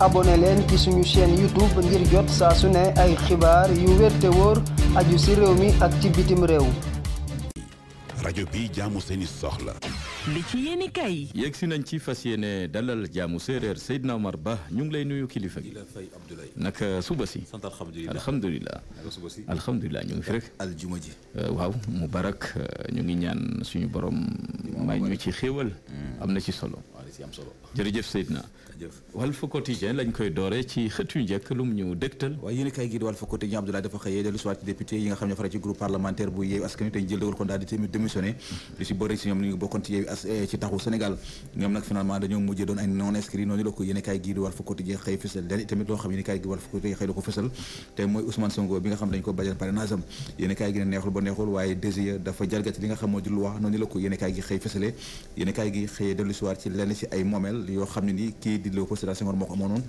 abonné leen ci saa su ne ay xibaar yu wér te wóor ak ci bitim réew. rajo bi jaamu seeni soxla. li ci yéen kay. yegg si nañ ci fas yéene dalal jaamu séeréer Seydina Omar Ba ñu ngi lay nuyu kilifa gi. naka suba si. sant alhamdulilah alhamdulilah. alhamdulilah ñu ngi fi rek. aljuma ji. Euh, waaw mubarak euh, ñu ngi ñaan suñu borom. may ñu ci xéewal hmm. am na ci solo. si am solo. jërëjëf Seydina. jërëjëf koy dooree ci xët yu njëkk lum ñu dégtal. waaye yéen gi ne da neexul ba neexul waaye DGE dafa jalgati li nga xam moo di loi noonu la ko yéen gi xëy fësale yéen gi xëyee dellu si waat ci lenn ci ay moomeel yoo xam ne ni kii di Léopold Sédar Senghor moo ko amoonoon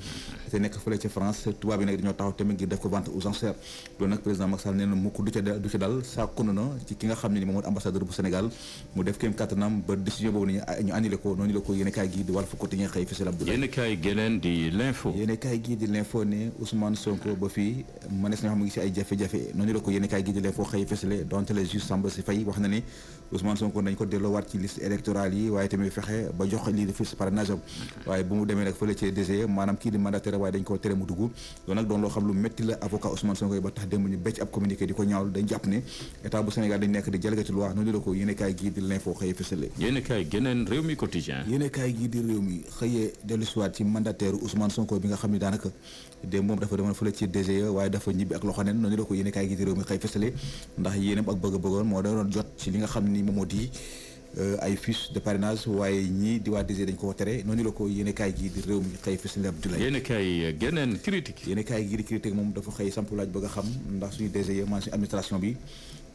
te nekk fële ca France tubaab yi nekk dañoo taxaw tamit ngir def ko vente aux enchères loolu nag mukk du ca dal sàkku na ki nga xam ne ni moom mooy bu Sénégal mu def kéem kattanam ba décision boobu ko noonu la ko yéene kaay gi di kaay geneen di l'info ne Ousmane Sonko ba fii mënees na xam mu ngi ci ay jafe-jafe noonu la ko yéene kaay gi di l'info xëy fësale donte le juge fiche parrainage waaye bu mu demee nag fële ci DG e, maanaam kii di mandataire waaye dañ koo tere mu dugg loolu nag doon loo xam lu métti la avocat Ousmane Sonko bi nga xam ne daanaka démb moom dafa demoon fële ci DG e, waaye dafa ñibbi ak loxo neen noonu la ko yéene kaay di réew mi xëy fësale ndax yéenam ak bëgg-bëggoon moo doon jot ci li nga xam ni moom moo Euh, ay fiche de parrainage waaye ñii di waa DG dañ ko tere noonu la ko yéen kaay gi di réew mi xëy fës na Abdoulaye. yéen kaay geneen critique yéen kaay gi di critique moom dafa xëy samp laaj bëgg a xam ndax suñu DG yi maanaam suñu administration bi.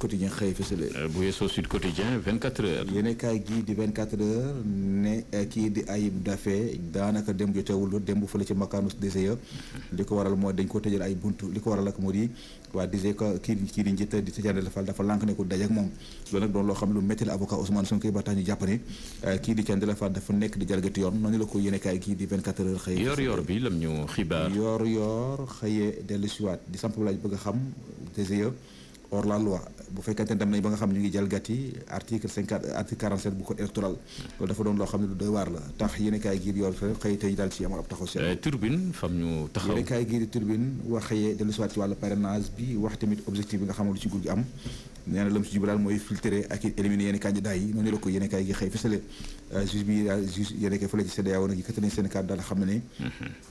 quotidien xëy fësale euh, bu yeesoo sud quotidien 24 heures yéene kaay gii di 24 heures ne eh, kii di Ayib Daffé daanaka dem jotewul dem bu fële ci makaanu DGE li ko waral mooy dañ ko tëjal ay buntu li ko waral ak moo di waa DGE kii kii di njiit di Tidjane Fall dafa lànk ne ko daj ak moom loolu nag doon loo xam lu métti la avocat Ousmane Sonko ba tax ñu jàpp ne eh, kii di Tidjane Fall dafa nekk di jalgati yoon noonu la ko yéene kaay gii di 24 heures xëy yor yor bi lam dellu siwaat di samp laaj bëgg a xam DGE hors la loi bu fekkente ne dem nañ ba nga xam ñu ngi jalgati article 54 article 47 bu code électoral loolu dafa doon loo xam ne lu doy waar la tax yéen kaay gii yor xëy tey daal ci amal ab taxaw seen eh, turbine fam ñu taxaw yéen kaay gii xëyee dellu si waat bi wax tamit objectif bi na lam si jubalaal mooy filtrer ak it éliminer yi noonu euh, bi euh, daal xam ne mm-hmm.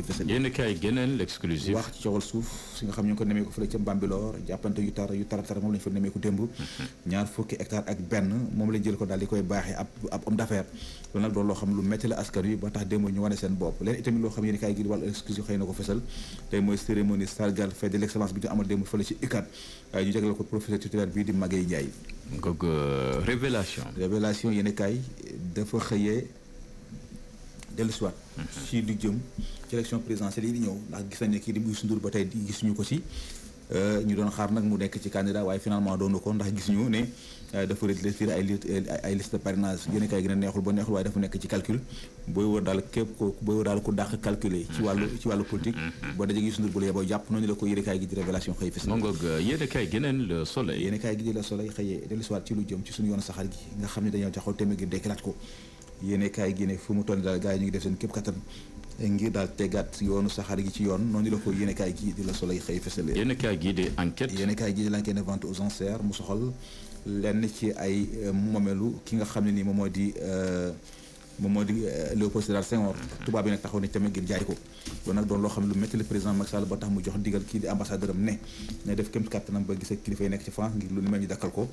ay fësal yéen kaay geneen l'exclusif wax ci coowal suuf si nga xam ñu ngi ko fële ca Bambilor jàppante yu tar tara moom la ñu fa nemeeku démb ñaar fukki hectare ak benn moom lañ jël ko daal di koy baaxee ab ab homme d'affaires loolu nag doon xam lu metti la askan wi ba tax démb ñu ko fësal tey mooy cérémonie sargal fête l'excellence bi ñu amal démb fële ci UCAD ñu jagleel ko professeur titulaire bii di Magaye Ndiaye. Euh, révélation. révélation yéen dafa xëyee dellu si waat si mhm. du jëm ci élection présidentielle yi di ñëw ndax gis nañ ne kii di Youssou Ndour ba tey gisuñu ko si euh, ñu doon xaar nag mu nekk ci candidat waaye finalement doonu ko ndax gis ñu ne euh, dafa retiré ay euh, ay liste de parrainage a neexul ba neexul waaye dafa nekk ci calcul booy wër daal képp ko ci mhm. wàllu ci wàllu politique mhm. ba daje Youssou Ndour bu la yeboo jàpp noonu la ko yéen kay gi di révélation xëy fis yéen kay geneen le soleil yéen kay gi xëyee dellusiwaat ci lu jëm ci suñu yoon saxaar gi nga xam ne dañoo taxaw témé gi dekkalaat ko yéene gi ne fu mu toll daal gars yi ñu ngi def seen képp kattan ngir daal tegaat yoonu saxaar gi ci yoon noonu la ko yéene kaay gi di la Soleil xëy fësale yéene kaay gi di enquête yéene kaay gi di l'enquête ne vente aux enchères mu soxal lenn ci ay momelu ki nga xam ne ni moom moo di euh, moom moo di euh, Léopold Sédar Senghor tubaab yi nag taxaw ne tamit ngir jaay ko loolu nag doon loo xam ne lu métti le président Macky Sall ba tax mu jox ndigal kii di ambassadeur am ne ne def kéem kàttanam ba gis ak kilifa yi nekk ci France ngir lu ni mel ñu dakkal ko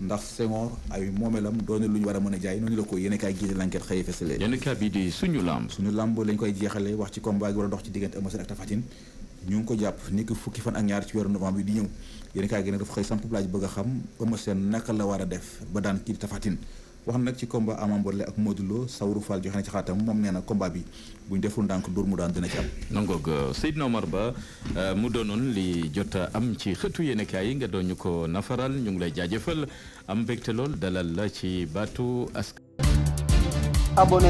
ndax Senghor ay moomeelam doone lu ñu war a mën a jaay noonu la ko yéen a kaay gii di l'enquête xëy fësale yéen a suñu lamb suñu lamb lañ koy jeexale wax ci combat gi war a dox ci diggante Eumeu Sène ak ko jàpp ni ki fukki fan ak ñaar ci weeru novembre bi di ñëw yéen a kaay a naka la war a def ba daan kii di Tapha wax nag ci combat Ama Baldé ak Modou Lo Saourou joxe na ci xaatam moom nee na combat bi bu ñu deful ndànk dóor mu daan dina ci am. nangoog euh, Seydina Omar Ba euh, mu doonoon li jot am ci xëtu yéenekaay yi nga doon ñu ko nafaral ñu ngi lay jaajëfal am mbégte lool dalal la ci baatu askan.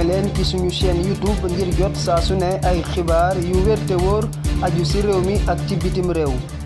leen ci suñu chaîne YouTube ngir jot saa su ne ay xibaar yu wér te wóor aju si réew mi ak ci bitim réew.